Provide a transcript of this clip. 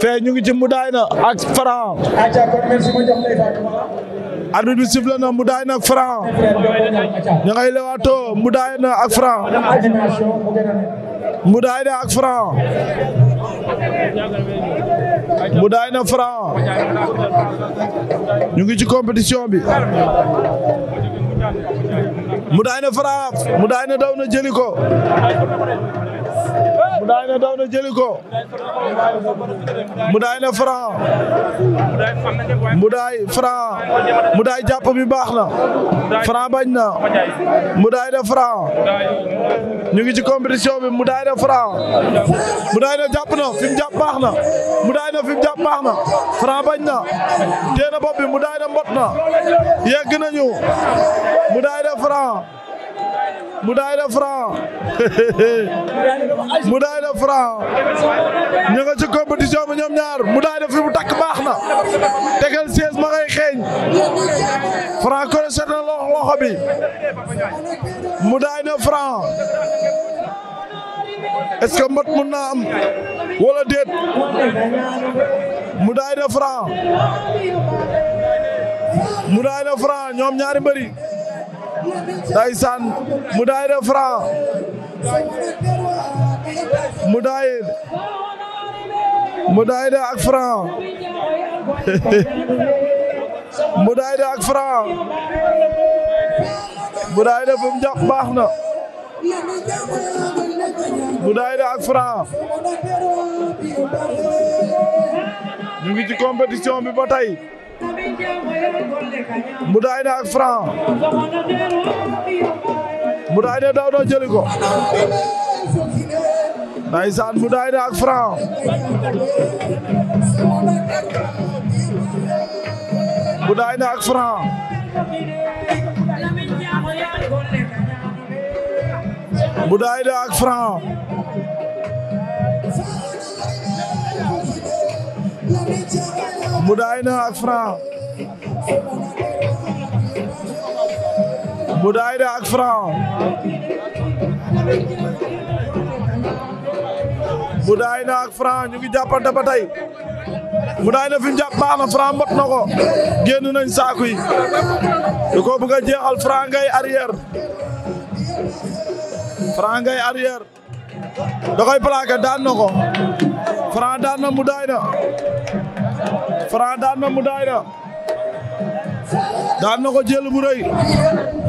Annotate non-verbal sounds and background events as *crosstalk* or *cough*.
fee ñu ngi ci mu daay na ak Franc arbitre bi sifflé na mu daay na ak Franc ña ngay lewato mu na ak Franc mu daay na ak Franc ñu ngi ci compétition bi mu daay na frapp mu daay na daw na jëli ko mu daay na ko mu daay na franc jàpp bi baax na franc bañ na mu daay na franc ñu ngi ci compétition bi mu daay na franc mu daay na jàpp na fi mu jàpp baax na mu daay na fi mu baax na franc bañ na tee na bopp mu daay na mbot na yegg nañu mu daay na franc mu daay da franc mu daay da franc ñu nga ci compétition bi ñoom ñaar mu daay da fi mu takk baax na tegal siège ma ngay xeeñ franc crochet na loxo bi mu daay na franc est-ce que mbot mun naa am wala déet mu daay na franc mu daay na franc ñoom ñaari mbëri ndeysaan Moudaye de Franc Moudaye Moudaye de ak Franc *laughs* Moudaye de ak Franc Moudaye de bum jàpp baax na Moudaye de ak Franc ñu ngi ci compétition bi ba Mboudaye ne ak Franc Mboudaye ne daw ak Franc Mboudaye ne ne ak Franc Mbudaay na ak Franc Mbudaay na ak Franc Mbudaay na ak Franc ñu ngi jàppante ba tey Mbudaay fi mu Franc mbot na ko nañ saaku yi da koo bëgg Franc ngay arrière Franc ngay arrière da koy daan na Franc daan na Mbudaay na Franc daan na mu daay na daan na ko jël bu rëy